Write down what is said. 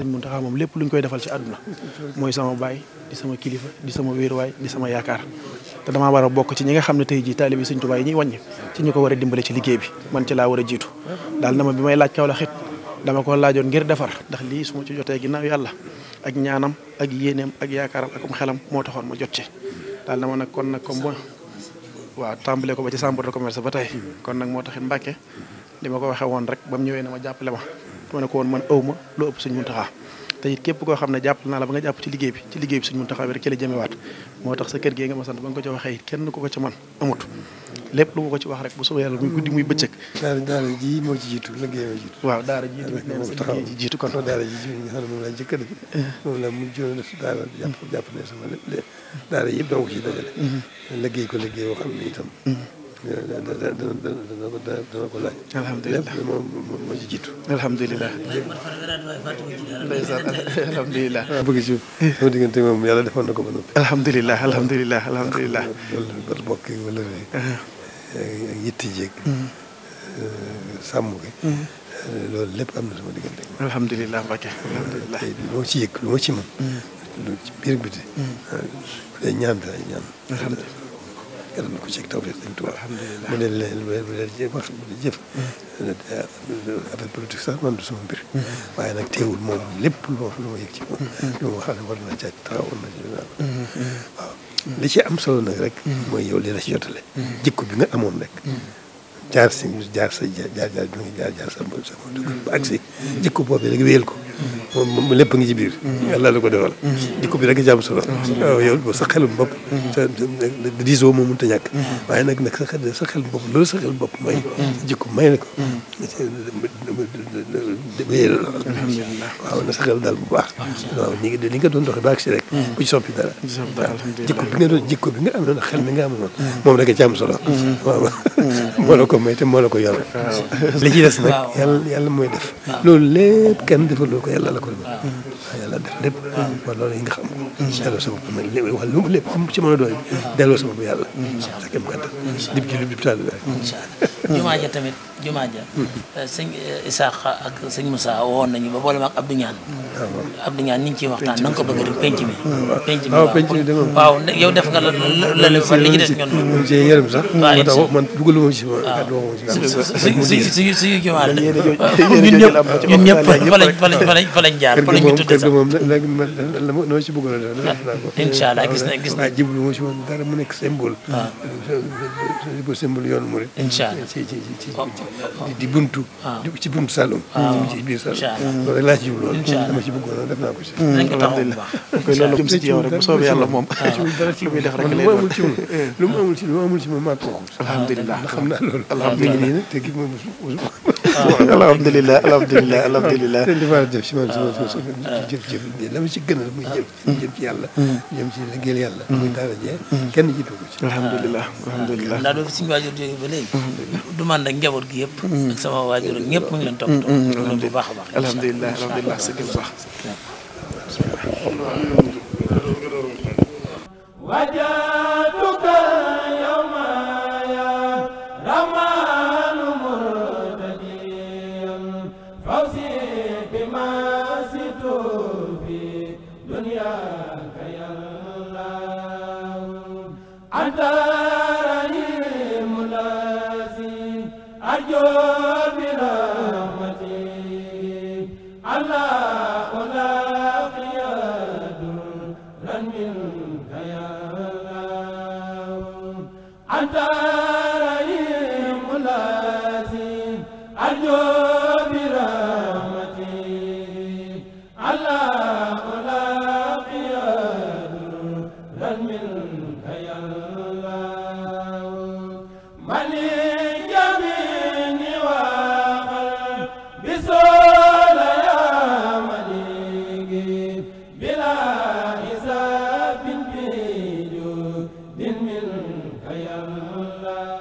Muntaxa moom lépp ñu koy defal ci àdduna mooy sama baay di sama kilifa di sama wéeruwaay di sama yaakaar te damaa war a bokk ci ñi nga xam ne tey jii taalibi Sëñ Tuubaa yi ñuy wàññi ci ñu ko war a dimbale ci liggéey bi man ci laa war a jiitu daal na ma bi may laaj kaw la xit dama ko laajoon ngir defar ndax lii su ma ci jotee ginnaaw yàlla ak ñaanam ak yéeneem ak yaakaaram akum xelam moo taxoon ma jot ci daal na ma nag kon nag comme waaw tàmbale ko ba ci chambre de commerce ba tey kon nag moo tax Mbàkke li ma ko waxee woon rek ba mu ñëwee na ma jàppale ma ma ne ko woon man aw ma loo ëpp suñ muntaxaa te it képp koo xam ne jàpp naa la ba nga jàpp ci liggéey bi ci liggéey bi suñ muntaxaa bi rek ci la jëmewaat moo tax sa kër a nga ma sant ba nga ko ci waxee it kenn ku ko ci man amut lépp lu ma ko ci wax rek bu soobee yàlla muy guddi muy bëccëg. daara ji moo ci jiitu liggéey moo jiitu. waaw daara ji liggéey ji jiitu kon. daara ji nga xam ne moom laa njëkk a def. moom daara jàpp yëpp doo ko ci dajale. liggéey ko liggéey boo xam ne itam. ko laaj. alhamdulilah lépp moom moo ci jiitu. alhamdulilah. ko ba noppi. alhamdulilah alhamdulilah alhamdulilah. loolu yitti jéeg mm-hmm. euh, sàmm gi mm-hmm. euh, loolu lépp am na sama diggante ak alhamdulilah Mbacke ci yëg lu ma ci mën bu mm-hmm. ah, dee ñaan bi ñaan alhamdulilah yàlla na ko ceeg tawfeex dañ tubaab mu ne leen bu dee wax bu dee jëf man du sama mbir waaye nag teewul moom lépp lu ma lu ma ci moom lu ma xam ne war na caa taxaw war na ci waaw li ci am solo nag rek. mooy yow li la ci jotale. jikko bi nga amoon rek. jaar si jaar sa jaar jaar jaar sa sa ba àggsi. jikko boobu rek wéyal ko. moom lépp ngi ci biir. Mm-hmm. bi rek jàmm solo. waaw mm-hmm. ah, yow sa xelum bopp. Mm-hmm. sa diisoo moo mënut a ñàkk. waaye nag nag sa sa xelum jikko bu baax. waaw ñu ngi li nga doon doxee baax si rek. bu ci soppi dara. jikko bi nga doon jikko bi nga am noonu xel mi nga am noonu. moom rek jàmm solo. waaw moo la ko may te moo ko yor. li des nag yàlla yàlla mooy def. loolu lépp kenn defaloo ko yàlla la ko doon. waaw ah. ah, yàlla def lépp. waaw loolu yi nga xam ko. delloo sama bopp lépp wax lu lépp am ci mën a doon. waaw delloo sama sa kéem kàttan. incha dib ci lu dib taal jumaa ja tamit jumaa ja sëñ Isaaxa ak sëñ Moussa woon nañu ba boole ma ak Abdou Ñaan Abdou Ñaan ni ñu ciy waxtaan na nga ko bëgg di penc mi penc mi waaw yow def nga la la li ci des ñun ñu ci yërëm sax waaw taw man dugaluma ci suñu suñu jumaa la ñun ñëpp ñun ñëpp fa lañ fa lañ fa lañ fa lañ jaar fa lañ ñu tudde sax moom nag noo ci bëggoon a def incha allah gis na gis na jiblu mo ci woon dara mu nekk symbole waaw symbole yoon murid incha allah ci ci ci di buntu. Ah. ci buntu Saloum. Ah. ci biir Saloum. loolu laa ci jublu dama ci bëggoon def naa ko si. alhamdulilah kon loolu jëm si ci yow rek bu soobee yàlla moom. Ah. lu muy def rek lay doon eh. lu mu amul ci lu mu amul ci moom maa ko waxul. alhamdulilah xam naa loolu. alhamdulilah te gi moom alhamdulilah alhamdulilah alhamdulilah. te li ma la def si man sama jëf jëf dama ci gënal muy jëf. Mm. jëm ci yàlla. Mm. jëm ci liggéeyal yàlla. Mm. muy dara jee kenn jiitu ko ci. alhamdulilah alhamdulilah. ndax doo fi suñu waajur jógee ba léegi. du man ak njaboot gi yëpp. Mm. ak sama waajur ak ñëpp mu ngi leen topp. Mm, mm, loolu bu baax a baax. alhamdulilah alhamdulilah sëñ bu baax. anta Anta rahiim laazim arju منك يا الله